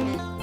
Thank you.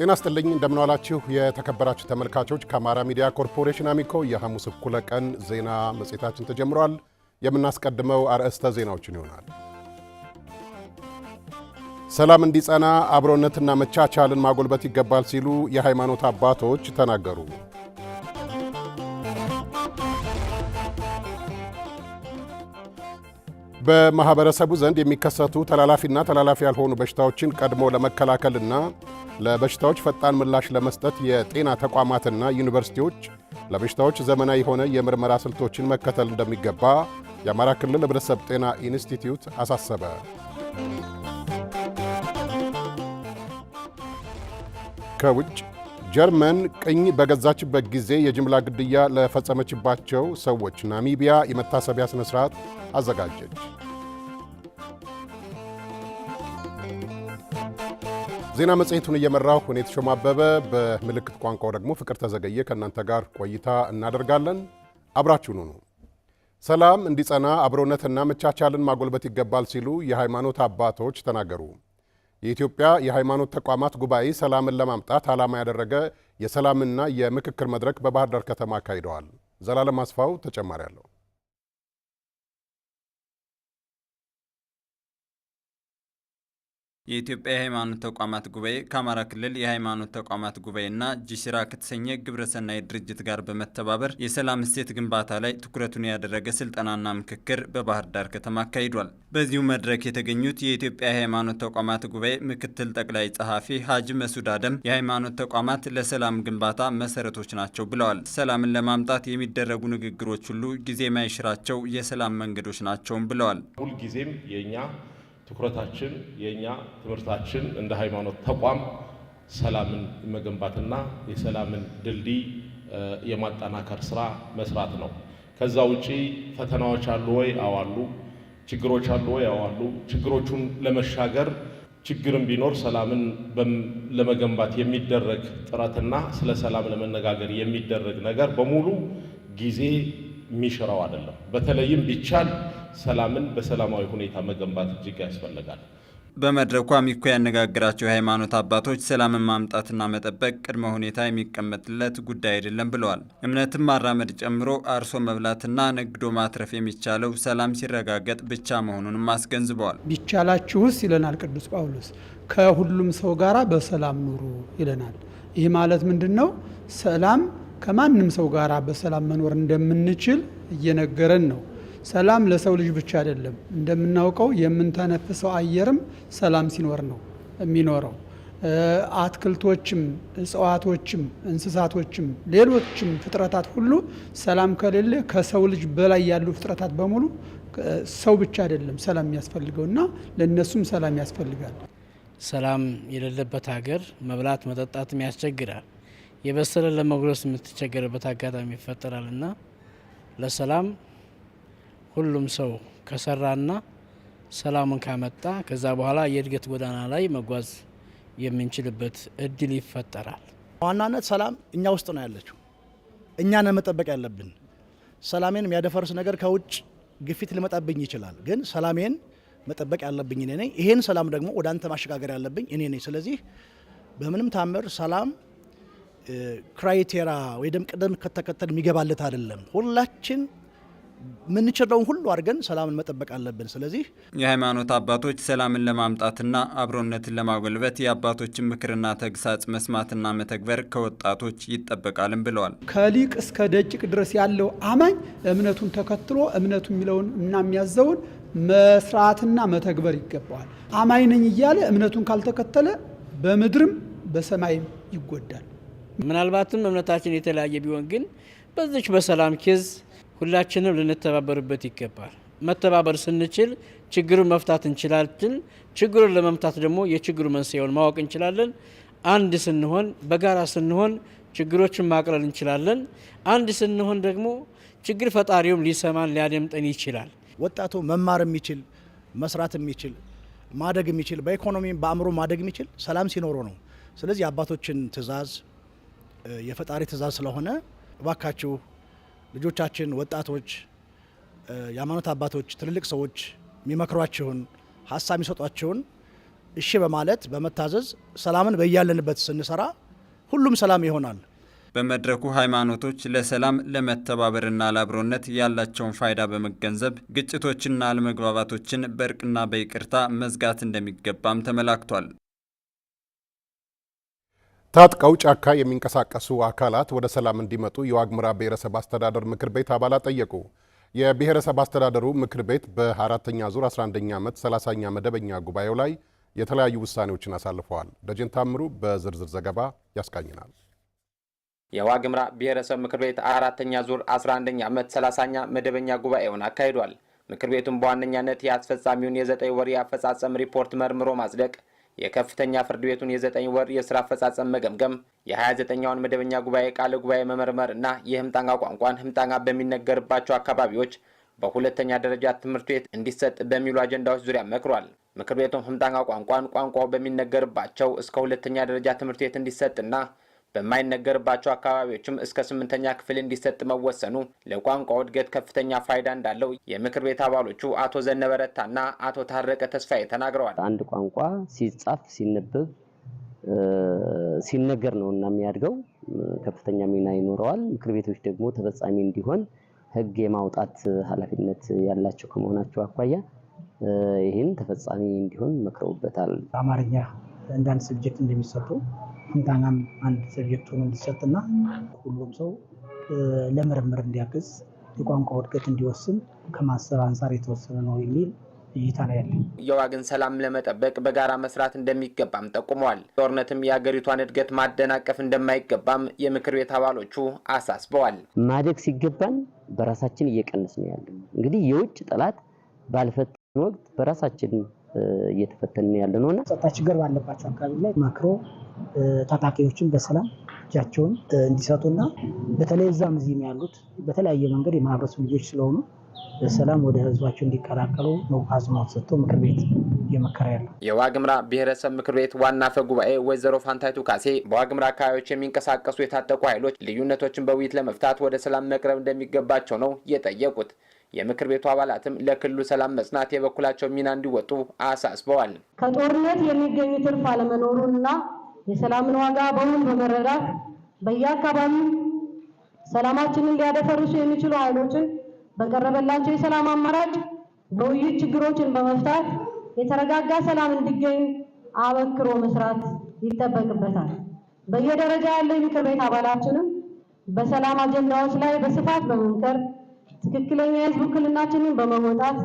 ጤና ስጥልኝ እንደምንዋላችሁ የተከበራችሁ ተመልካቾች ከአማራ ሚዲያ ኮርፖሬሽን አሚኮ የሐሙስ እኩለ ቀን ዜና መጽሔታችን ተጀምሯል። የምናስቀድመው አርዕስተ ዜናዎችን ይሆናል። ሰላም እንዲጸና አብሮነትና መቻቻልን ማጎልበት ይገባል ሲሉ የሃይማኖት አባቶች ተናገሩ። በማህበረሰቡ ዘንድ የሚከሰቱ ተላላፊና ተላላፊ ያልሆኑ በሽታዎችን ቀድሞ ለመከላከልና ለበሽታዎች ፈጣን ምላሽ ለመስጠት የጤና ተቋማትና ዩኒቨርሲቲዎች ለበሽታዎች ዘመናዊ የሆነ የምርመራ ስልቶችን መከተል እንደሚገባ የአማራ ክልል ህብረተሰብ ጤና ኢንስቲትዩት አሳሰበ። ከውጭ ጀርመን ቅኝ በገዛችበት ጊዜ የጅምላ ግድያ ለፈጸመችባቸው ሰዎች ናሚቢያ የመታሰቢያ ሥነ ሥርዓት አዘጋጀች። ዜና መጽሔቱን እየመራሁ እኔ የተሾመ አበበ፣ በምልክት ቋንቋው ደግሞ ፍቅር ተዘገየ ከእናንተ ጋር ቆይታ እናደርጋለን። አብራችሁኑ ነው። ሰላም እንዲጸና አብሮነትና መቻቻልን ማጎልበት ይገባል ሲሉ የሃይማኖት አባቶች ተናገሩ። የኢትዮጵያ የሃይማኖት ተቋማት ጉባኤ ሰላምን ለማምጣት ዓላማ ያደረገ የሰላምና የምክክር መድረክ በባህር ዳር ከተማ አካሂደዋል። ዘላለም አስፋው ተጨማሪ አለው። የኢትዮጵያ የሃይማኖት ተቋማት ጉባኤ ከአማራ ክልል የሃይማኖት ተቋማት ጉባኤና ጂሲራ ከተሰኘ ግብረሰናይ ድርጅት ጋር በመተባበር የሰላም እሴት ግንባታ ላይ ትኩረቱን ያደረገ ስልጠናና ምክክር በባህር ዳር ከተማ አካሂዷል። በዚሁ መድረክ የተገኙት የኢትዮጵያ የሃይማኖት ተቋማት ጉባኤ ምክትል ጠቅላይ ጸሐፊ ሀጂ መሱድ አደም የሃይማኖት ተቋማት ለሰላም ግንባታ መሰረቶች ናቸው ብለዋል። ሰላምን ለማምጣት የሚደረጉ ንግግሮች ሁሉ ጊዜ ማይሽራቸው የሰላም መንገዶች ናቸውም ብለዋል። ሁልጊዜም የእኛ ትኩረታችን የእኛ ትምህርታችን እንደ ሃይማኖት ተቋም ሰላምን መገንባትና የሰላምን ድልድይ የማጠናከር ስራ መስራት ነው። ከዛ ውጪ ፈተናዎች አሉ ወይ? አዋሉ ችግሮች አሉ ወይ? አዋሉ ችግሮቹን ለመሻገር ችግርም ቢኖር ሰላምን ለመገንባት የሚደረግ ጥረትና ስለ ሰላም ለመነጋገር የሚደረግ ነገር በሙሉ ጊዜ የሚሽረው አይደለም። በተለይም ቢቻል ሰላምን በሰላማዊ ሁኔታ መገንባት እጅግ ያስፈልጋል። በመድረኩ አሚኮ ያነጋግራቸው የሃይማኖት አባቶች ሰላምን ማምጣትና መጠበቅ ቅድመ ሁኔታ የሚቀመጥለት ጉዳይ አይደለም ብለዋል። እምነትን ማራመድ ጨምሮ አርሶ መብላትና ነግዶ ማትረፍ የሚቻለው ሰላም ሲረጋገጥ ብቻ መሆኑንም አስገንዝበዋል። ቢቻላችሁስ ይለናል ቅዱስ ጳውሎስ፣ ከሁሉም ሰው ጋራ በሰላም ኑሩ ይለናል። ይህ ማለት ምንድን ነው? ሰላም ከማንም ሰው ጋር በሰላም መኖር እንደምንችል እየነገረን ነው። ሰላም ለሰው ልጅ ብቻ አይደለም። እንደምናውቀው የምንተነፍሰው አየርም ሰላም ሲኖር ነው የሚኖረው። አትክልቶችም፣ እጽዋቶችም፣ እንስሳቶችም ሌሎችም ፍጥረታት ሁሉ ሰላም ከሌለ ከሰው ልጅ በላይ ያሉ ፍጥረታት በሙሉ ሰው ብቻ አይደለም ሰላም የሚያስፈልገው እና ለእነሱም ሰላም ያስፈልጋል። ሰላም የሌለበት ሀገር መብላት መጠጣትም ያስቸግራል። የበሰለ ለመጉረስ የምትቸገርበት አጋጣሚ ይፈጠራል እና ለሰላም ሁሉም ሰው ከሰራና ሰላሙን ካመጣ ከዛ በኋላ የእድገት ጎዳና ላይ መጓዝ የምንችልበት እድል ይፈጠራል። ዋናነት ሰላም እኛ ውስጥ ነው ያለችው። እኛን መጠበቅ ያለብን። ሰላሜን የሚያደፈርስ ነገር ከውጭ ግፊት ሊመጣብኝ ይችላል፣ ግን ሰላሜን መጠበቅ ያለብኝ እኔ ነኝ። ይሄን ሰላም ደግሞ ወደ አንተ ማሸጋገር ያለብኝ እኔ ነኝ። ስለዚህ በምንም ታምር ሰላም ክራይቴራ ወይ ደም ቅደም ከተከተል የሚገባለት አይደለም። ሁላችን ምንችለውን ሁሉ አድርገን ሰላምን መጠበቅ አለብን። ስለዚህ የሃይማኖት አባቶች ሰላምን ለማምጣትና አብሮነትን ለማጎልበት የአባቶችን ምክርና ተግሳጽ መስማትና መተግበር ከወጣቶች ይጠበቃልም ብለዋል። ከሊቅ እስከ ደቂቅ ድረስ ያለው አማኝ እምነቱን ተከትሎ እምነቱ የሚለውን እና የሚያዘውን መስራትና መተግበር ይገባዋል። አማኝ ነኝ እያለ እምነቱን ካልተከተለ በምድርም በሰማይም ይጎዳል። ምናልባትም እምነታችን የተለያየ ቢሆን ግን በዚች በሰላም ኬዝ ሁላችንም ልንተባበርበት ይገባል። መተባበር ስንችል ችግሩን መፍታት እንችላለን። ችግሩን ለመምታት ደግሞ የችግሩ መንስኤውን ማወቅ እንችላለን። አንድ ስንሆን፣ በጋራ ስንሆን ችግሮችን ማቅለል እንችላለን። አንድ ስንሆን ደግሞ ችግር ፈጣሪውም ሊሰማን ሊያደምጠን ይችላል። ወጣቱ መማር የሚችል መስራት የሚችል ማደግ የሚችል በኢኮኖሚ በአእምሮ ማደግ የሚችል ሰላም ሲኖረው ነው። ስለዚህ የአባቶችን ትዕዛዝ የፈጣሪ ትእዛዝ ስለሆነ እባካችሁ ልጆቻችን፣ ወጣቶች፣ የሃይማኖት አባቶች፣ ትልልቅ ሰዎች የሚመክሯችሁን ሀሳብ የሚሰጧችሁን እሺ በማለት በመታዘዝ ሰላምን በያለንበት ስንሰራ ሁሉም ሰላም ይሆናል። በመድረኩ ሃይማኖቶች ለሰላም ለመተባበርና ለአብሮነት ያላቸውን ፋይዳ በመገንዘብ ግጭቶችና አለመግባባቶችን በእርቅና በይቅርታ መዝጋት እንደሚገባም ተመላክቷል። ታጥቀው ጫካ የሚንቀሳቀሱ አካላት ወደ ሰላም እንዲመጡ የዋግምራ ብሔረሰብ አስተዳደር ምክር ቤት አባላት ጠየቁ። የብሔረሰብ አስተዳደሩ ምክር ቤት በአራተኛ ዙር 11ኛ ዓመት 30ኛ መደበኛ ጉባኤው ላይ የተለያዩ ውሳኔዎችን አሳልፈዋል። ደጀን ታምሩ በዝርዝር ዘገባ ያስቃኝናል። የዋግምራ ብሔረሰብ ምክር ቤት አራተኛ ዙር 11ኛ ዓመት 30ኛ መደበኛ ጉባኤውን አካሂዷል። ምክር ቤቱም በዋነኛነት የአስፈጻሚውን የዘጠኝ ወር የአፈጻጸም ሪፖርት መርምሮ ማጽደቅ የከፍተኛ ፍርድ ቤቱን የዘጠኝ ወር የስራ አፈጻጸም መገምገም የ29ኛውን መደበኛ ጉባኤ ቃለ ጉባኤ መመርመር እና የህምጣንጋ ቋንቋን ህምጣንጋ በሚነገርባቸው አካባቢዎች በሁለተኛ ደረጃ ትምህርት ቤት እንዲሰጥ በሚሉ አጀንዳዎች ዙሪያ መክሯል። ምክር ቤቱም ህምጣንጋ ቋንቋን ቋንቋው በሚነገርባቸው እስከ ሁለተኛ ደረጃ ትምህርት ቤት እንዲሰጥና በማይነገርባቸው አካባቢዎችም እስከ ስምንተኛ ክፍል እንዲሰጥ መወሰኑ ለቋንቋው እድገት ከፍተኛ ፋይዳ እንዳለው የምክር ቤት አባሎቹ አቶ ዘነበረታና አቶ ታረቀ ተስፋዬ ተናግረዋል። አንድ ቋንቋ ሲጻፍ፣ ሲነበብ፣ ሲነገር ነው እና የሚያድገው ከፍተኛ ሚና ይኖረዋል። ምክር ቤቶች ደግሞ ተፈጻሚ እንዲሆን ህግ የማውጣት ኃላፊነት ያላቸው ከመሆናቸው አኳያ ይህን ተፈጻሚ እንዲሆን መክረውበታል። አማርኛ አንዳንድ ሰብጀክት እንደሚሰጡ ትንተናም አንድ ሰብጀክት ሆኖ እና ሁሉም ሰው ለምርምር እንዲያግዝ የቋንቋ እድገት እንዲወስን ከማሰብ አንጻር የተወሰነ ነው የሚል እይታ ነው ያለ። የዋግን ሰላም ለመጠበቅ በጋራ መስራት እንደሚገባም ጠቁመዋል። ጦርነትም የሀገሪቷን እድገት ማደናቀፍ እንደማይገባም የምክር ቤት አባሎቹ አሳስበዋል። ማደግ ሲገባን በራሳችን እየቀነስ ነው ያለ። እንግዲህ የውጭ ጠላት ባልፈት ወቅት በራሳችን እየተፈተንን ያለ ነው እና ጸጥታ ችግር ባለባቸው አካባቢ ላይ ማክሮ ታጣቂዎችን በሰላም እጃቸውን እንዲሰጡና በተለይ እዛም እዚህም ያሉት በተለያየ መንገድ የማህበረሰብ ልጆች ስለሆኑ በሰላም ወደ ህዝባቸው እንዲቀላቀሉ ነው አጽንኦት ሰጥቶ ምክር ቤት እየመከረ ያለው። የዋግምራ ብሔረሰብ ምክር ቤት ዋና አፈ ጉባኤ ወይዘሮ ፋንታይቱ ካሴ በዋግምራ አካባቢዎች የሚንቀሳቀሱ የታጠቁ ኃይሎች ልዩነቶችን በውይይት ለመፍታት ወደ ሰላም መቅረብ እንደሚገባቸው ነው የጠየቁት። የምክር ቤቱ አባላትም ለክልሉ ሰላም መጽናት የበኩላቸው ሚና እንዲወጡ አሳስበዋል። ከጦርነት የሚገኝ ትርፍ አለመኖሩንና የሰላምን ዋጋ በሁን በመረዳት በየአካባቢው ሰላማችንን ሊያደፈርሱ የሚችሉ ኃይሎችን በቀረበላቸው የሰላም አማራጭ በውይይት ችግሮችን በመፍታት የተረጋጋ ሰላም እንዲገኝ አበክሮ መስራት ይጠበቅበታል። በየደረጃ ያለው የምክር ቤት አባላችንም በሰላም አጀንዳዎች ላይ በስፋት በመምከር ትክክለኛ የህዝብ ውክልናችንን በመወጣት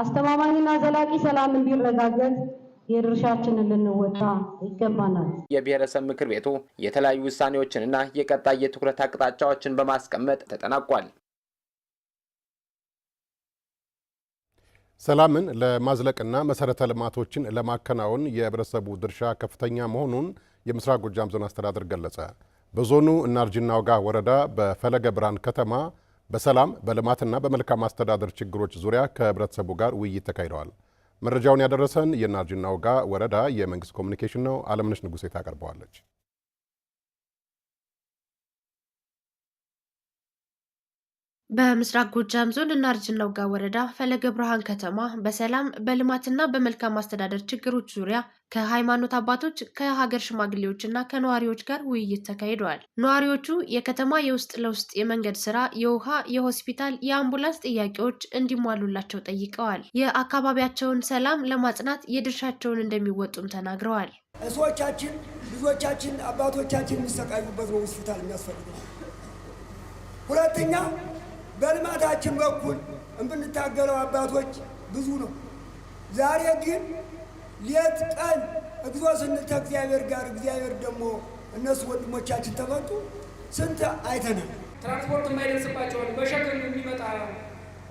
አስተማማኝና ዘላቂ ሰላም እንዲረጋገጥ የድርሻችንን ልንወጣ ይገባናል። የብሔረሰብ ምክር ቤቱ የተለያዩ ውሳኔዎችንና የቀጣይ የትኩረት አቅጣጫዎችን በማስቀመጥ ተጠናቋል። ሰላምን ለማዝለቅና መሰረተ ልማቶችን ለማከናወን የህብረተሰቡ ድርሻ ከፍተኛ መሆኑን የምስራቅ ጎጃም ዞን አስተዳደር ገለጸ። በዞኑ እናርጅና ወጋ ወረዳ በፈለገ ብርሃን ከተማ በሰላም በልማትና በመልካም አስተዳደር ችግሮች ዙሪያ ከህብረተሰቡ ጋር ውይይት ተካሂደዋል። መረጃውን ያደረሰን የናርጅናውጋ ወረዳ የመንግስት ኮሚኒኬሽን ነው። አለምነሽ ንጉሴ ታቀርበዋለች። በምስራቅ ጎጃም ዞን እናርጅ እናውጋ ወረዳ ፈለገ ብርሃን ከተማ በሰላም በልማትና በመልካም አስተዳደር ችግሮች ዙሪያ ከሃይማኖት አባቶች ከሀገር ሽማግሌዎች እና ከነዋሪዎች ጋር ውይይት ተካሂደዋል። ነዋሪዎቹ የከተማ የውስጥ ለውስጥ የመንገድ ስራ፣ የውሃ፣ የሆስፒታል፣ የአምቡላንስ ጥያቄዎች እንዲሟሉላቸው ጠይቀዋል። የአካባቢያቸውን ሰላም ለማጽናት የድርሻቸውን እንደሚወጡም ተናግረዋል። እሶቻችን፣ ልጆቻችን፣ አባቶቻችን የሚሰቃዩበት ነው ሆስፒታል የሚያስፈልገው ሁለተኛ በልማታችን በኩል እምንታገለው አባቶች ብዙ ነው። ዛሬ ግን ሌት ቀን እግዞ ስንል ከእግዚአብሔር ጋር እግዚአብሔር ደግሞ እነሱ ወንድሞቻችን ተመጡ ስንት አይተናል። ትራንስፖርት የማይደርስባቸውን በሸክም የሚመጣ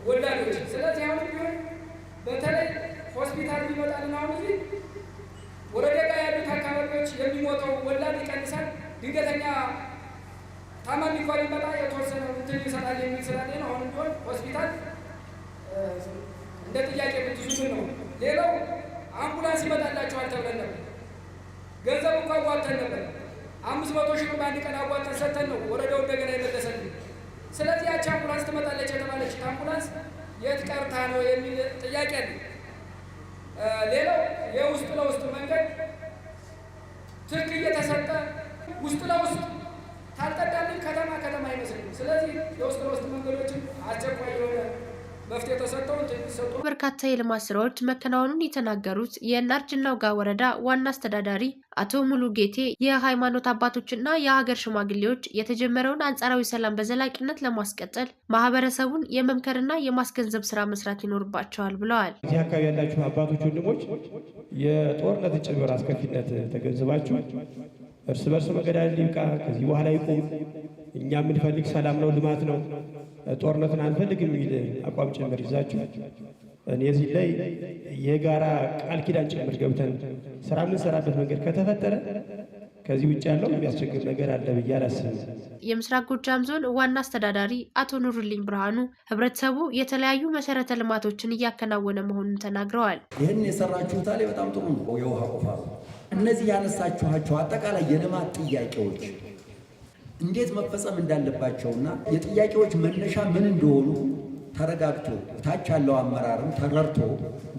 ወላጆች። ስለዚህ አሁን ቢሆን በተለይ ሆስፒታል የሚመጣል የሚመጣልን አሁን ጊዜ ወረዳ ያሉት አካባቢዎች የሚሞተው ወላድ ይቀንሳል ድንገተኛ ታማሚ እንኳን ይመጣ የተወሰነ እንትን ይሰጣል የሚል ስላለ ነው። አሁን ቢሆን ሆስፒታል እንደ ጥያቄ ብትዙትን ነው። ሌላው አምቡላንስ ይመጣላቸዋል ተብለን ነበር። ገንዘብ እንኳ አዋተን ነበር። አምስት መቶ ሺህ በአንድ ቀን አዋተን ሰተን ነው ወረዳው እንደገና የመለሰን። ስለዚህ ያቺ አምቡላንስ ትመጣለች የተባለች አምቡላንስ የት ቀርታ ነው የሚል ጥያቄ አለ። ሌላው የውስጥ ለውስጥ መንገድ ትክ እየተሰጠ ውስጥ ለውስጥ ካልቀዳልን ከተማ ከተማ አይመስለኝም። ስለዚህ የውስጥ ለውስጥ መንገዶችን አስቸኳይ የሆነ በርካታ የልማት ስራዎች መከናወኑን የተናገሩት የናርጅናው ጋ ወረዳ ዋና አስተዳዳሪ አቶ ሙሉ ጌቴ የሃይማኖት አባቶችና የሀገር ሽማግሌዎች የተጀመረውን አንጻራዊ ሰላም በዘላቂነት ለማስቀጠል ማህበረሰቡን የመምከርና የማስገንዘብ ስራ መስራት ይኖርባቸዋል ብለዋል። እዚህ አካባቢ ያላችሁ አባቶች፣ ወንድሞች የጦርነት ጭምር አስከፊነት ተገንዝባችሁ እርስ በርስ መገዳደል ይብቃ። ከዚህ በኋላ ይቁም። እኛ የምንፈልግ ሰላም ነው፣ ልማት ነው፣ ጦርነትን አንፈልግም የሚል አቋም ጭምር ይዛችሁ እኔ እዚህ ላይ የጋራ ቃል ኪዳን ጭምር ገብተን ስራ የምንሰራበት መንገድ ከተፈጠረ ከዚህ ውጭ ያለው የሚያስቸግር ነገር አለ ብዬ አላስብም። የምስራቅ ጎጃም ዞን ዋና አስተዳዳሪ አቶ ኑርልኝ ብርሃኑ ህብረተሰቡ የተለያዩ መሰረተ ልማቶችን እያከናወነ መሆኑን ተናግረዋል። ይህን የሰራችሁ ታሌ በጣም ጥሩ ነው። የውሃ ቁፋሮ እነዚህ ያነሳችኋቸው አጠቃላይ የልማት ጥያቄዎች እንዴት መፈጸም እንዳለባቸውና የጥያቄዎች መነሻ ምን እንደሆኑ ተረጋግቶ ታች ያለው አመራርም ተረድቶ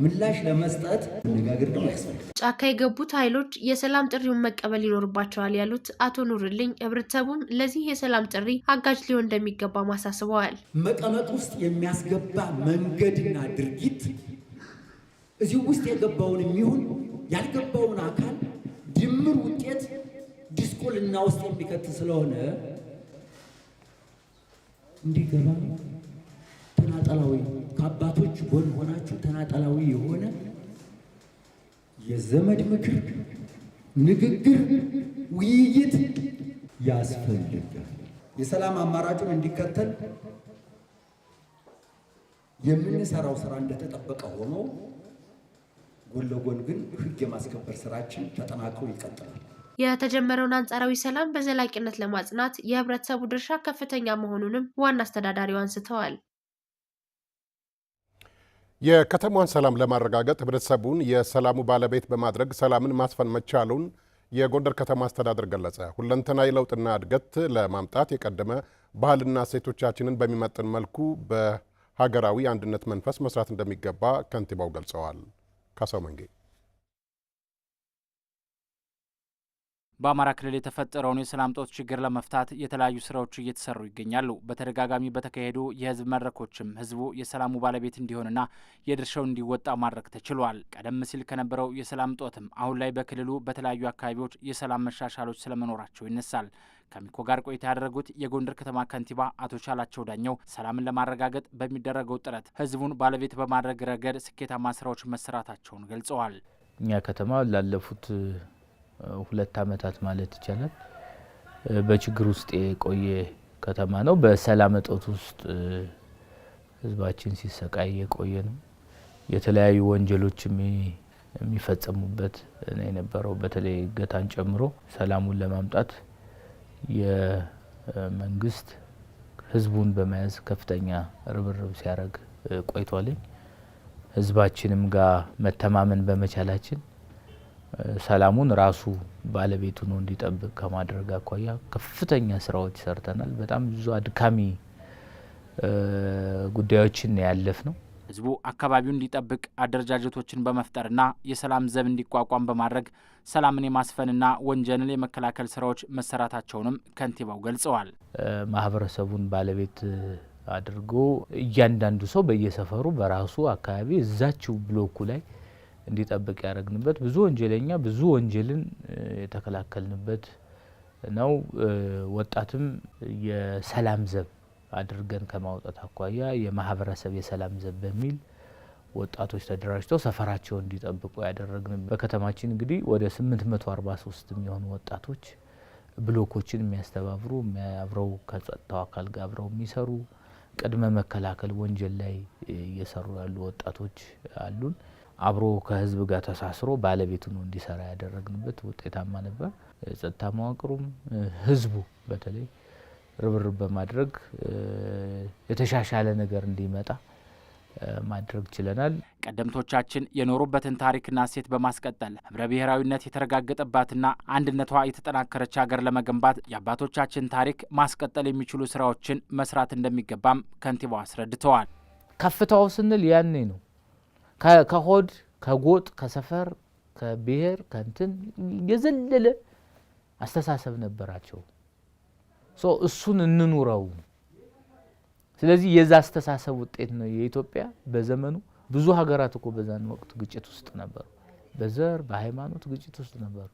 ምላሽ ለመስጠት መነጋገር ነው ያስፈልጋል። ጫካ የገቡት ኃይሎች የሰላም ጥሪውን መቀበል ይኖርባቸዋል ያሉት አቶ ኑርልኝ ህብረተሰቡም ለዚህ የሰላም ጥሪ አጋዥ ሊሆን እንደሚገባ ማሳስበዋል። መቀመጥ ውስጥ የሚያስገባ መንገድና ድርጊት እዚህ ውስጥ የገባውን የሚሆን ያልገባውን አካል ድምር ውጤት ዲስቁልና ውስጥ የሚከት ስለሆነ እንዲገባ ተናጠላዊ ከአባቶች ጎን ሆናችሁ ተናጠላዊ የሆነ የዘመድ ምክር፣ ንግግር፣ ውይይት ያስፈልጋል። የሰላም አማራጩን እንዲከተል የምንሰራው ስራ እንደተጠበቀ ሆኖ ጎን ለጎን ግን የማስከበር ስራችን ተጠናክሮ ይቀጥላል። የተጀመረውን አንጻራዊ ሰላም በዘላቂነት ለማጽናት የህብረተሰቡ ድርሻ ከፍተኛ መሆኑንም ዋና አስተዳዳሪው አንስተዋል። የከተማዋን ሰላም ለማረጋገጥ ህብረተሰቡን የሰላሙ ባለቤት በማድረግ ሰላምን ማስፈን መቻሉን የጎንደር ከተማ አስተዳደር ገለጸ። ሁለንተናዊ ለውጥና እድገት ለማምጣት የቀደመ ባህልና እሴቶቻችንን በሚመጥን መልኩ በሀገራዊ አንድነት መንፈስ መስራት እንደሚገባ ከንቲባው ገልጸዋል። ካሳው መንጌ በአማራ ክልል የተፈጠረውን የሰላም ጦት ችግር ለመፍታት የተለያዩ ስራዎች እየተሰሩ ይገኛሉ። በተደጋጋሚ በተካሄዱ የህዝብ መድረኮችም ህዝቡ የሰላሙ ባለቤት እንዲሆንና የድርሻው እንዲወጣ ማድረግ ተችሏል። ቀደም ሲል ከነበረው የሰላም ጦትም አሁን ላይ በክልሉ በተለያዩ አካባቢዎች የሰላም መሻሻሎች ስለመኖራቸው ይነሳል። ከአሚኮ ጋር ቆይታ ያደረጉት የጎንደር ከተማ ከንቲባ አቶ ቻላቸው ዳኘው ሰላምን ለማረጋገጥ በሚደረገው ጥረት ህዝቡን ባለቤት በማድረግ ረገድ ስኬታማ ስራዎች መሰራታቸውን ገልጸዋል። እኛ ከተማ ላለፉት ሁለት ዓመታት ማለት ይቻላል በችግር ውስጥ የቆየ ከተማ ነው። በሰላም እጦት ውስጥ ህዝባችን ሲሰቃይ የቆየ ነው። የተለያዩ ወንጀሎች የሚፈጸሙበት የነበረው በተለይ እገታን ጨምሮ ሰላሙን ለማምጣት የመንግስት ህዝቡን በመያዝ ከፍተኛ ርብርብ ሲያደርግ ቆይቷልኝ። ህዝባችንም ጋር መተማመን በመቻላችን ሰላሙን ራሱ ባለቤቱ ነው እንዲጠብቅ ከማድረግ አኳያ ከፍተኛ ስራዎች ሰርተናል። በጣም ብዙ አድካሚ ጉዳዮችን ያለፍ ነው። ህዝቡ አካባቢውን እንዲጠብቅ አደረጃጀቶችን በመፍጠርና የሰላም ዘብ እንዲቋቋም በማድረግ ሰላምን የማስፈንና ወንጀልን የመከላከል ስራዎች መሰራታቸውንም ከንቲባው ገልጸዋል። ማህበረሰቡን ባለቤት አድርጎ እያንዳንዱ ሰው በየሰፈሩ በራሱ አካባቢ እዛችው ብሎኩ ላይ እንዲጠብቅ ያደረግንበት ብዙ ወንጀለኛ ብዙ ወንጀልን የተከላከልንበት ነው። ወጣትም የሰላም ዘብ አድርገን ከማውጣት አኳያ የማህበረሰብ የሰላም ዘብ በሚል ወጣቶች ተደራጅተው ሰፈራቸውን እንዲጠብቁ ያደረግን። በከተማችን እንግዲህ ወደ 843 የሚሆኑ ወጣቶች ብሎኮችን የሚያስተባብሩ አብረው ከጸጥታው አካል ጋር አብረው የሚሰሩ ቅድመ መከላከል ወንጀል ላይ እየሰሩ ያሉ ወጣቶች አሉን። አብሮ ከህዝብ ጋር ተሳስሮ ባለቤቱ ነው እንዲሰራ ያደረግንበት ውጤታማ ነበር። ጸጥታ መዋቅሩም ህዝቡ በተለይ ርብርብ በማድረግ የተሻሻለ ነገር እንዲመጣ ማድረግ ችለናል። ቀደምቶቻችን የኖሩበትን ታሪክና እሴት በማስቀጠል ህብረ ብሔራዊነት የተረጋገጠባትና አንድነቷ የተጠናከረች ሀገር ለመገንባት የአባቶቻችን ታሪክ ማስቀጠል የሚችሉ ስራዎችን መስራት እንደሚገባም ከንቲባው አስረድተዋል። ከፍታው ስንል ያኔ ነው። ከሆድ ከጎጥ ከሰፈር ከብሔር ከንትን የዘለለ አስተሳሰብ ነበራቸው። እሱን እንኑረው። ስለዚህ የዛ አስተሳሰብ ውጤት ነው የኢትዮጵያ በዘመኑ ብዙ ሀገራት እኮ በዛን ወቅት ግጭት ውስጥ ነበሩ። በዘር በሃይማኖት ግጭት ውስጥ ነበሩ።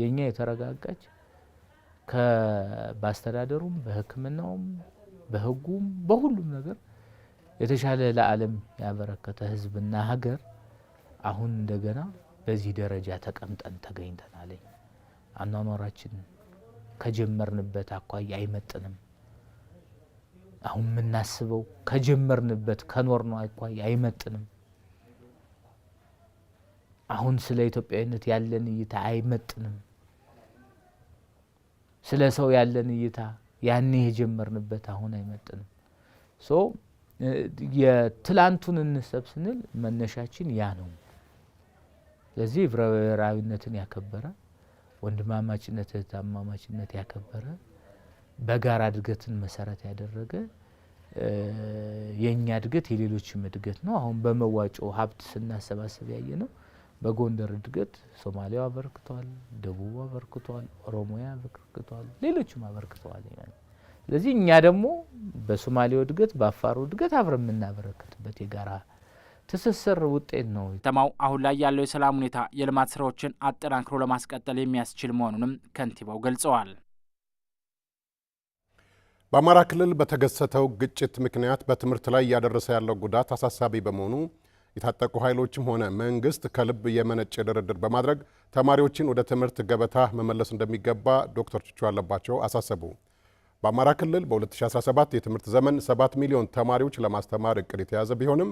የእኛ የተረጋጋች በአስተዳደሩም በሕክምናውም በሕጉም በሁሉም ነገር የተሻለ ለዓለም ያበረከተ ሕዝብና ሀገር አሁን እንደገና በዚህ ደረጃ ተቀምጠን ተገኝተናለኝ አኗኗራችን ከጀመርንበት አኳያ አይመጥንም። አሁን የምናስበው ከጀመርንበት ከኖርነው አኳያ አይመጥንም። አሁን ስለ ኢትዮጵያዊነት ያለን እይታ አይመጥንም። ስለ ሰው ያለን እይታ ያኔ የጀመርንበት አሁን አይመጥንም። ሶ የትላንቱን እንሰብ ስንል መነሻችን ያ ነው። ለዚህ ህብረ ብሔራዊነትን ያከበረ ወንድማማችነት እህትማማችነት ያከበረ በጋራ እድገትን መሰረት ያደረገ የእኛ እድገት የሌሎችም እድገት ነው። አሁን በመዋጮ ሀብት ስናሰባሰብ ያየ ነው። በጎንደር እድገት ሶማሌው አበርክቷል ደቡቡ አበርክቷል ኦሮሞያ አበርክቷል፣ ሌሎችም አበርክተዋል። ስለዚህ እኛ ደግሞ በሶማሌው እድገት፣ በአፋሩ እድገት አብረ የምናበረክትበት የጋራ ትስስር ውጤት ነው። ከተማው አሁን ላይ ያለው የሰላም ሁኔታ የልማት ስራዎችን አጠናክሮ ለማስቀጠል የሚያስችል መሆኑንም ከንቲባው ገልጸዋል። በአማራ ክልል በተከሰተው ግጭት ምክንያት በትምህርት ላይ እያደረሰ ያለው ጉዳት አሳሳቢ በመሆኑ የታጠቁ ኃይሎችም ሆነ መንግስት ከልብ የመነጨ ድርድር በማድረግ ተማሪዎችን ወደ ትምህርት ገበታ መመለስ እንደሚገባ ዶክተር ቹቹ አለባቸው አሳሰቡ። በአማራ ክልል በ2017 የትምህርት ዘመን 7 ሚሊዮን ተማሪዎች ለማስተማር እቅድ የተያዘ ቢሆንም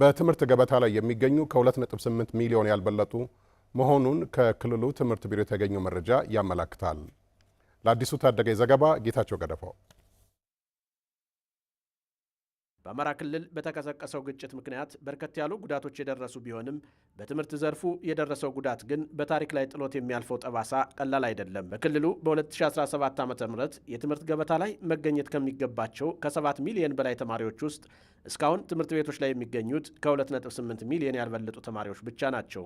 በትምህርት ገበታ ላይ የሚገኙ ከ2.8 ሚሊዮን ያልበለጡ መሆኑን ከክልሉ ትምህርት ቢሮ የተገኘው መረጃ ያመላክታል። ለአዲሱ ታደገ ዘገባ ጌታቸው ገደፈው በአማራ ክልል በተቀሰቀሰው ግጭት ምክንያት በርከት ያሉ ጉዳቶች የደረሱ ቢሆንም በትምህርት ዘርፉ የደረሰው ጉዳት ግን በታሪክ ላይ ጥሎት የሚያልፈው ጠባሳ ቀላል አይደለም። በክልሉ በ2017 ዓ ም የትምህርት ገበታ ላይ መገኘት ከሚገባቸው ከ7 ሚሊዮን በላይ ተማሪዎች ውስጥ እስካሁን ትምህርት ቤቶች ላይ የሚገኙት ከ2.8 ሚሊዮን ያልበለጡ ተማሪዎች ብቻ ናቸው።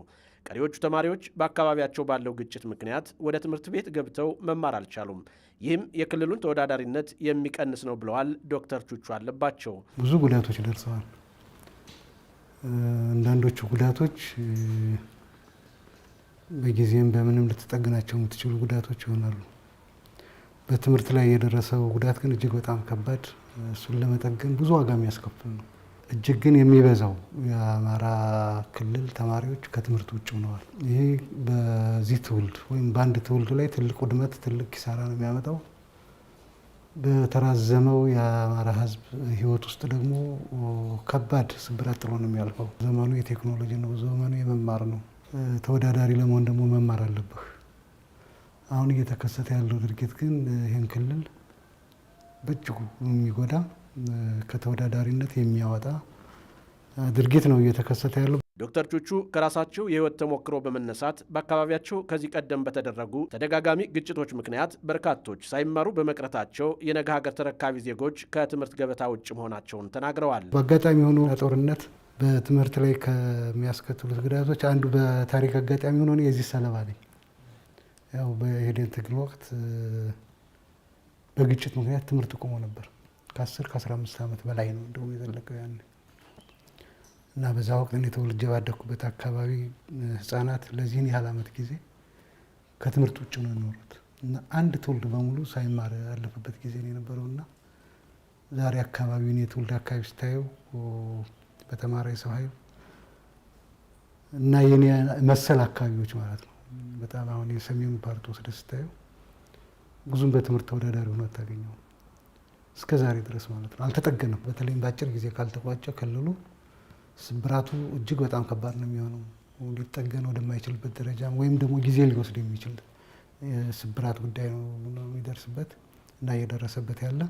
ቀሪዎቹ ተማሪዎች በአካባቢያቸው ባለው ግጭት ምክንያት ወደ ትምህርት ቤት ገብተው መማር አልቻሉም። ይህም የክልሉን ተወዳዳሪነት የሚቀንስ ነው ብለዋል ዶክተር ቹቹ አለባቸው። ብዙ ጉዳቶች ደርሰዋል። አንዳንዶቹ ጉዳቶች በጊዜም በምንም ልትጠግናቸው የምትችሉ ጉዳቶች ይሆናሉ። በትምህርት ላይ የደረሰው ጉዳት ግን እጅግ በጣም ከባድ፣ እሱን ለመጠገን ብዙ ዋጋ የሚያስከፍል ነው። እጅግ ግን የሚበዛው የአማራ ክልል ተማሪዎች ከትምህርት ውጭ ሆነዋል። ይህ በዚህ ትውልድ ወይም በአንድ ትውልድ ላይ ትልቅ ውድመት፣ ትልቅ ኪሳራ ነው የሚያመጣው። በተራዘመው የአማራ ሕዝብ ሕይወት ውስጥ ደግሞ ከባድ ስብራት ጥሎ ነው የሚያልፈው። ዘመኑ የቴክኖሎጂ ነው፣ ዘመኑ የመማር ነው። ተወዳዳሪ ለመሆን ደግሞ መማር አለብህ። አሁን እየተከሰተ ያለው ድርጊት ግን ይህን ክልል በእጅጉ የሚጎዳ ከተወዳዳሪነት የሚያወጣ ድርጊት ነው እየተከሰተ ያለው። ዶክተር ቹቹ ከራሳቸው የህይወት ተሞክሮ በመነሳት በአካባቢያቸው ከዚህ ቀደም በተደረጉ ተደጋጋሚ ግጭቶች ምክንያት በርካቶች ሳይማሩ በመቅረታቸው የነገ ሀገር ተረካቢ ዜጎች ከትምህርት ገበታ ውጭ መሆናቸውን ተናግረዋል። በአጋጣሚ የሆኑ ጦርነት በትምህርት ላይ ከሚያስከትሉት ጉዳቶች አንዱ በታሪክ አጋጣሚ ሆኖ የዚህ ሰለባ ነኝ። ያው በሄደን ትግል ወቅት በግጭት ምክንያት ትምህርት ቆሞ ነበር። ከአስር ከአስራ አምስት ዓመት በላይ ነው እንደውም የዘለቀው ያን እና በዛ ወቅት እኔ ተወልጄ ባደግኩበት አካባቢ ህጻናት ለዚህን ያህል ዓመት ጊዜ ከትምህርት ውጭ ነው የኖሩት እና አንድ ትውልድ በሙሉ ሳይማር ያለፈበት ጊዜ ነው የነበረው እና ዛሬ አካባቢውን የትውልድ አካባቢ ስታየው በተማሪ ሰው ኃይል እና የኔ መሰል አካባቢዎች ማለት ነው በጣም አሁን የሰሜኑ ፓርት ወስደህ ስታየው ብዙም በትምህርት ተወዳዳሪ ሆኖ አታገኘውም። እስከ ዛሬ ድረስ ማለት ነው። አልተጠገነም። በተለይም በአጭር ጊዜ ካልተቋጨ ክልሉ ስብራቱ እጅግ በጣም ከባድ ነው የሚሆነው ሊጠገን ወደማይችልበት ደረጃ ወይም ደግሞ ጊዜ ሊወስድ የሚችል ስብራት ጉዳይ ነው የሚደርስበት እና እየደረሰበት ያለ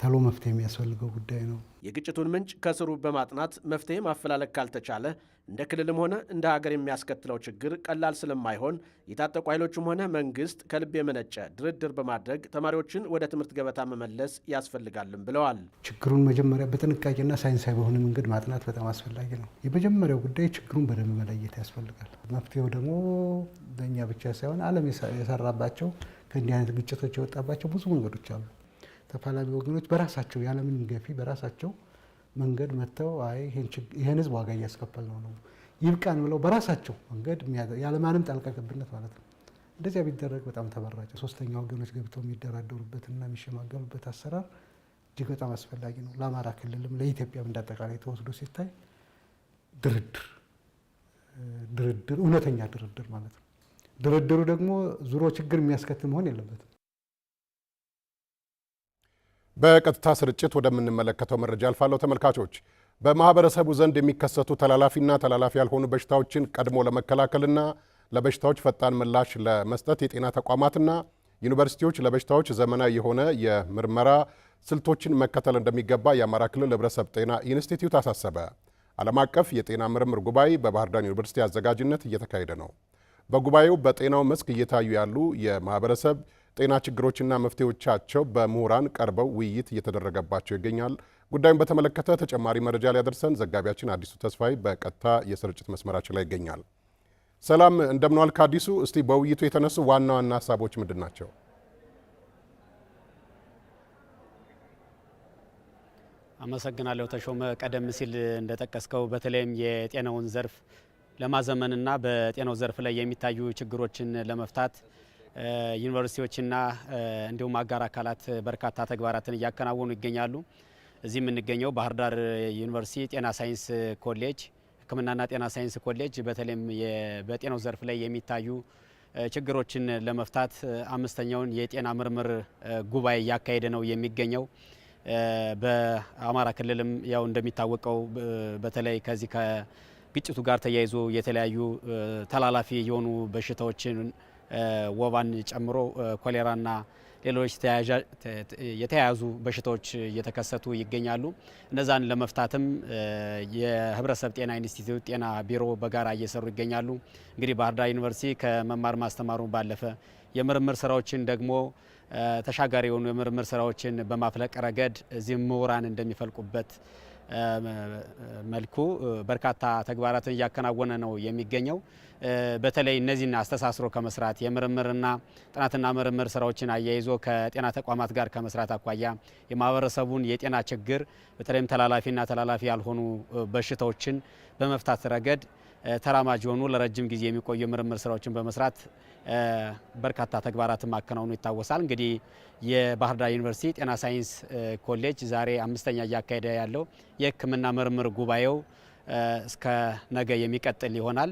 ተሎ መፍትሄ የሚያስፈልገው ጉዳይ ነው። የግጭቱን ምንጭ ከስሩ በማጥናት መፍትሄ ማፈላለግ ካልተቻለ እንደ ክልልም ሆነ እንደ ሀገር የሚያስከትለው ችግር ቀላል ስለማይሆን የታጠቁ ኃይሎችም ሆነ መንግስት ከልብ የመነጨ ድርድር በማድረግ ተማሪዎችን ወደ ትምህርት ገበታ መመለስ ያስፈልጋልም ብለዋል። ችግሩን መጀመሪያ በጥንቃቄና ሳይንሳዊ በሆነ መንገድ ማጥናት በጣም አስፈላጊ ነው። የመጀመሪያው ጉዳይ ችግሩን በደንብ መለየት ያስፈልጋል። መፍትሄው ደግሞ በእኛ ብቻ ሳይሆን ዓለም የሰራባቸው ከእንዲህ አይነት ግጭቶች የወጣባቸው ብዙ መንገዶች አሉ። ተፋላሚ ወገኖች በራሳቸው ያለምንም ገፊ በራሳቸው መንገድ መጥተው አይ ይህን ህዝብ ዋጋ እያስከፈል ነው ነው ይብቃን ብለው በራሳቸው መንገድ ያለማንም ጣልቃ ገብነት ማለት ነው። እንደዚያ ቢደረግ በጣም ተመራጭ፣ ሶስተኛ ወገኖች ገብተው የሚደራደሩበትና የሚሸማገሉበት አሰራር እጅግ በጣም አስፈላጊ ነው። ለአማራ ክልልም ለኢትዮጵያም እንዳጠቃላይ ተወስዶ ሲታይ ድርድር ድርድር እውነተኛ ድርድር ማለት ነው። ድርድሩ ደግሞ ዙሮ ችግር የሚያስከትል መሆን የለበትም። በቀጥታ ስርጭት ወደምንመለከተው መረጃ አልፋለሁ። ተመልካቾች በማህበረሰቡ ዘንድ የሚከሰቱ ተላላፊና ተላላፊ ያልሆኑ በሽታዎችን ቀድሞ ለመከላከልና ለበሽታዎች ፈጣን ምላሽ ለመስጠት የጤና ተቋማትና ዩኒቨርሲቲዎች ለበሽታዎች ዘመናዊ የሆነ የምርመራ ስልቶችን መከተል እንደሚገባ የአማራ ክልል ህብረተሰብ ጤና ኢንስቲትዩት አሳሰበ። ዓለም አቀፍ የጤና ምርምር ጉባኤ በባህር ዳር ዩኒቨርሲቲ አዘጋጅነት እየተካሄደ ነው። በጉባኤው በጤናው መስክ እየታዩ ያሉ የማህበረሰብ ጤና ችግሮችና መፍትሄዎቻቸው በምሁራን ቀርበው ውይይት እየተደረገባቸው ይገኛል። ጉዳዩን በተመለከተ ተጨማሪ መረጃ ሊያደርሰን ዘጋቢያችን አዲሱ ተስፋዬ በቀጥታ የስርጭት መስመራችን ላይ ይገኛል። ሰላም እንደምንዋል ከአዲሱ እስቲ በውይይቱ የተነሱ ዋና ዋና ሀሳቦች ምንድን ናቸው? አመሰግናለሁ ተሾመ። ቀደም ሲል እንደጠቀስከው በተለይም የጤናውን ዘርፍ ለማዘመንና በጤናው ዘርፍ ላይ የሚታዩ ችግሮችን ለመፍታት ዩኒቨርሲቲዎችና እንዲሁም አጋር አካላት በርካታ ተግባራትን እያከናወኑ ይገኛሉ። እዚህ የምንገኘው ባህር ዳር ዩኒቨርሲቲ ጤና ሳይንስ ኮሌጅ ሕክምናና ጤና ሳይንስ ኮሌጅ በተለይም በጤናው ዘርፍ ላይ የሚታዩ ችግሮችን ለመፍታት አምስተኛውን የጤና ምርምር ጉባኤ እያካሄደ ነው የሚገኘው። በአማራ ክልልም ያው እንደሚታወቀው በተለይ ከዚህ ከግጭቱ ጋር ተያይዞ የተለያዩ ተላላፊ የሆኑ በሽታዎችን ወባን ጨምሮ ኮሌራና ሌሎች የተያያዙ በሽታዎች እየተከሰቱ ይገኛሉ። እነዛን ለመፍታትም የህብረተሰብ ጤና ኢንስቲትዩት፣ ጤና ቢሮ በጋራ እየሰሩ ይገኛሉ። እንግዲህ ባህር ዳር ዩኒቨርሲቲ ከመማር ማስተማሩ ባለፈ የምርምር ስራዎችን ደግሞ ተሻጋሪ የሆኑ የምርምር ስራዎችን በማፍለቅ ረገድ እዚህም ምሁራን እንደሚፈልቁበት መልኩ በርካታ ተግባራትን እያከናወነ ነው የሚገኘው። በተለይ እነዚህን አስተሳስሮ ከመስራት የምርምርና ጥናትና ምርምር ስራዎችን አያይዞ ከጤና ተቋማት ጋር ከመስራት አኳያ የማህበረሰቡን የጤና ችግር በተለይም ተላላፊና ተላላፊ ያልሆኑ በሽታዎችን በመፍታት ረገድ ተራማጅ የሆኑ ለረጅም ጊዜ የሚቆዩ ምርምር ስራዎችን በመስራት በርካታ ተግባራት ማከናወኑ ይታወሳል። እንግዲህ የባህር ዳር ዩኒቨርሲቲ ጤና ሳይንስ ኮሌጅ ዛሬ አምስተኛ እያካሄደ ያለው የሕክምና ምርምር ጉባኤው እስከ ነገ የሚቀጥል ይሆናል።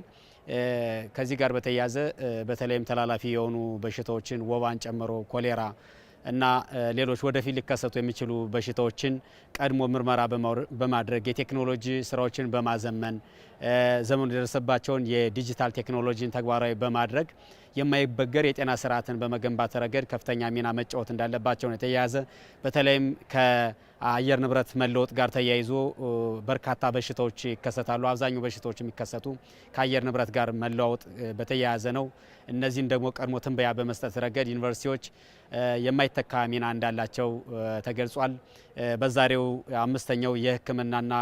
ከዚህ ጋር በተያያዘ በተለይም ተላላፊ የሆኑ በሽታዎችን ወባን ጨምሮ ኮሌራ እና ሌሎች ወደፊት ሊከሰቱ የሚችሉ በሽታዎችን ቀድሞ ምርመራ በማድረግ የቴክኖሎጂ ስራዎችን በማዘመን ዘመኑ የደረሰባቸውን የዲጂታል ቴክኖሎጂን ተግባራዊ በማድረግ የማይበገር የጤና ስርዓትን በመገንባት ረገድ ከፍተኛ ሚና መጫወት እንዳለባቸው ነው የተያያዘ በተለይም አየር ንብረት መለወጥ ጋር ተያይዞ በርካታ በሽታዎች ይከሰታሉ። አብዛኛው በሽታዎች የሚከሰቱ ከአየር ንብረት ጋር መለዋወጥ በተያያዘ ነው። እነዚህን ደግሞ ቀድሞ ትንበያ በመስጠት ረገድ ዩኒቨርሲቲዎች የማይተካ ሚና እንዳላቸው ተገልጿል። በዛሬው አምስተኛው የሕክምናና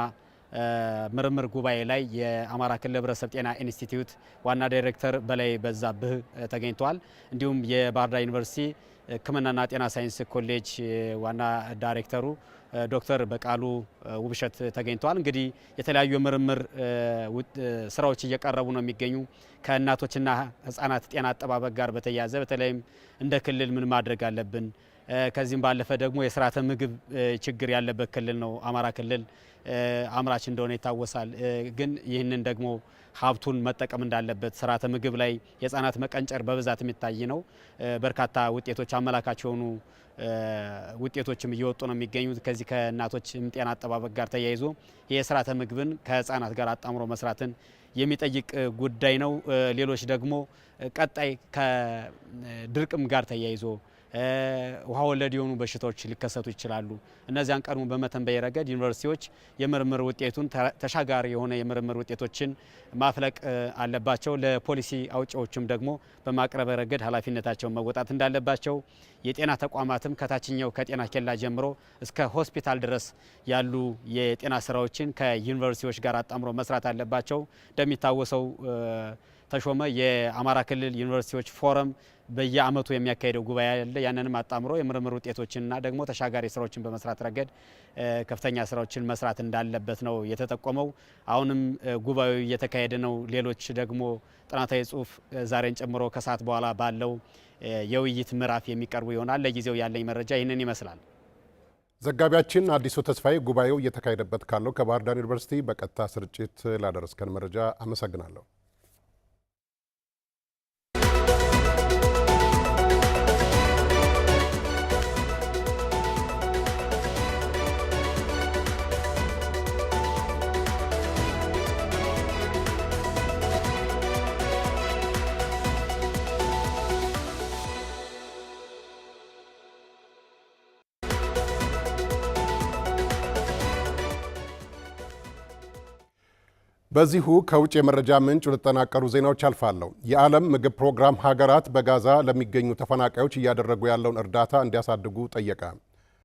ምርምር ጉባኤ ላይ የአማራ ክልል ህብረተሰብ ጤና ኢንስቲትዩት ዋና ዳይሬክተር በላይ በዛብህ ተገኝተዋል። እንዲሁም የባህር ዳር ዩኒቨርሲቲ ህክምናና ጤና ሳይንስ ኮሌጅ ዋና ዳይሬክተሩ ዶክተር በቃሉ ውብሸት ተገኝተዋል። እንግዲህ የተለያዩ የምርምር ስራዎች እየቀረቡ ነው የሚገኙ ከእናቶችና ህጻናት ጤና አጠባበቅ ጋር በተያያዘ በተለይም እንደ ክልል ምን ማድረግ አለብን ከዚህም ባለፈ ደግሞ የስርዓተ ምግብ ችግር ያለበት ክልል ነው አማራ ክልል። አምራች እንደሆነ ይታወሳል። ግን ይህንን ደግሞ ሀብቱን መጠቀም እንዳለበት ስርዓተ ምግብ ላይ የህጻናት መቀንጨር በብዛት የሚታይ ነው። በርካታ ውጤቶች አመላካች የሆኑ ውጤቶችም እየወጡ ነው የሚገኙት። ከዚህ ከእናቶች ጤና አጠባበቅ ጋር ተያይዞ የስርዓተ ምግብን ከህፃናት ጋር አጣምሮ መስራትን የሚጠይቅ ጉዳይ ነው። ሌሎች ደግሞ ቀጣይ ከድርቅም ጋር ተያይዞ ውሃ ወለድ የሆኑ በሽታዎች ሊከሰቱ ይችላሉ። እነዚያን ቀድሞ በመተንበይ ረገድ ዩኒቨርሲቲዎች የምርምር ውጤቱን ተሻጋሪ የሆነ የምርምር ውጤቶችን ማፍለቅ አለባቸው። ለፖሊሲ አውጪዎችም ደግሞ በማቅረብ ረገድ ኃላፊነታቸውን መወጣት እንዳለባቸው፣ የጤና ተቋማትም ከታችኛው ከጤና ኬላ ጀምሮ እስከ ሆስፒታል ድረስ ያሉ የጤና ስራዎችን ከዩኒቨርሲቲዎች ጋር አጣምሮ መስራት አለባቸው። እንደሚታወሰው ተሾመ የአማራ ክልል ዩኒቨርሲቲዎች ፎረም በየአመቱ የሚያካሄደው ጉባኤ ያለ ያንንም አጣምሮ የምርምር ውጤቶችንና ደግሞ ተሻጋሪ ስራዎችን በመስራት ረገድ ከፍተኛ ስራዎችን መስራት እንዳለበት ነው የተጠቆመው። አሁንም ጉባኤው እየተካሄደ ነው። ሌሎች ደግሞ ጥናታዊ ጽሁፍ ዛሬን ጨምሮ ከሰዓት በኋላ ባለው የውይይት ምዕራፍ የሚቀርቡ ይሆናል። ለጊዜው ያለኝ መረጃ ይህንን ይመስላል። ዘጋቢያችን አዲሱ ተስፋዬ ጉባኤው እየተካሄደበት ካለው ከባህር ዳር ዩኒቨርሲቲ በቀጥታ ስርጭት ላደረስከን መረጃ አመሰግናለሁ። በዚሁ ከውጭ የመረጃ ምንጭ ወደተጠናቀሩ ዜናዎች አልፋለሁ። የዓለም ምግብ ፕሮግራም ሀገራት በጋዛ ለሚገኙ ተፈናቃዮች እያደረጉ ያለውን እርዳታ እንዲያሳድጉ ጠየቀ።